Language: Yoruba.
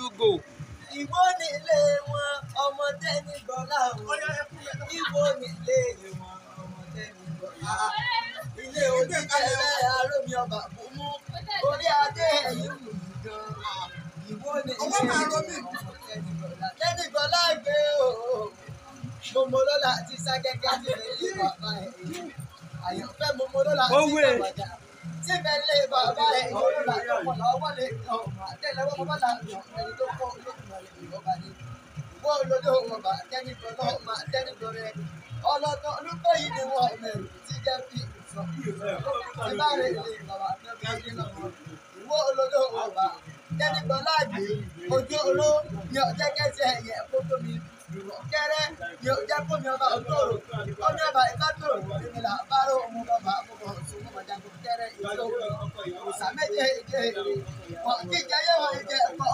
Dùgò. Ìbò nílé wọn, ọmọdé ní Bọ́lá wọn. Ìbò nílé wọn, ọmọdé ní Bọ́lá. Ilé oníjẹ̀rẹ̀ arómi ọba bùnmú. Orí adé ẹ̀yìn mú gan. Ìbò nílé wọn, ọmọdé ní Bọ́lá. Kẹ́ni Bọ́lá gbé o. Momolola ti sá gẹ́gẹ́ bí ẹ̀yìn bàbá ẹ̀. Àyànfẹ́ Momolola ti sá wàdà síbẹ̀ lé bàbá ẹ̀ lórí ìlànà ọ̀pọ̀lọ̀ ọwọ́ lè kàn àtẹ̀lẹ́wọ́ bàbá làwọn ẹni tó kọ́ olókùnrin rẹ̀ ìjọba ni wọ́n olódò wọn bà tẹ́ni gbọ́dọ̀ mà tẹ́ni gbọ́rẹ́ ọlọ́dún olùkọ́ yìí ni wọ́n mẹ̀rù ti jẹ́ fi ìsọ̀ ti bá rẹ̀ lè bàbá tẹ́ni gbọ́dọ̀ wọ́n olódò wọn bà tẹ́ni gbọ́dọ̀ àgbè ojú oló yẹ kó tóbi kẹ́rẹ́ yọ jẹ́ kó mi ọba òtòrò ó ní ọba ìbátòrò nígbà jẹrẹ ìjọ òkè ìjẹ èrè wọn jíjẹ yẹ ìjẹ ẹ̀kọ.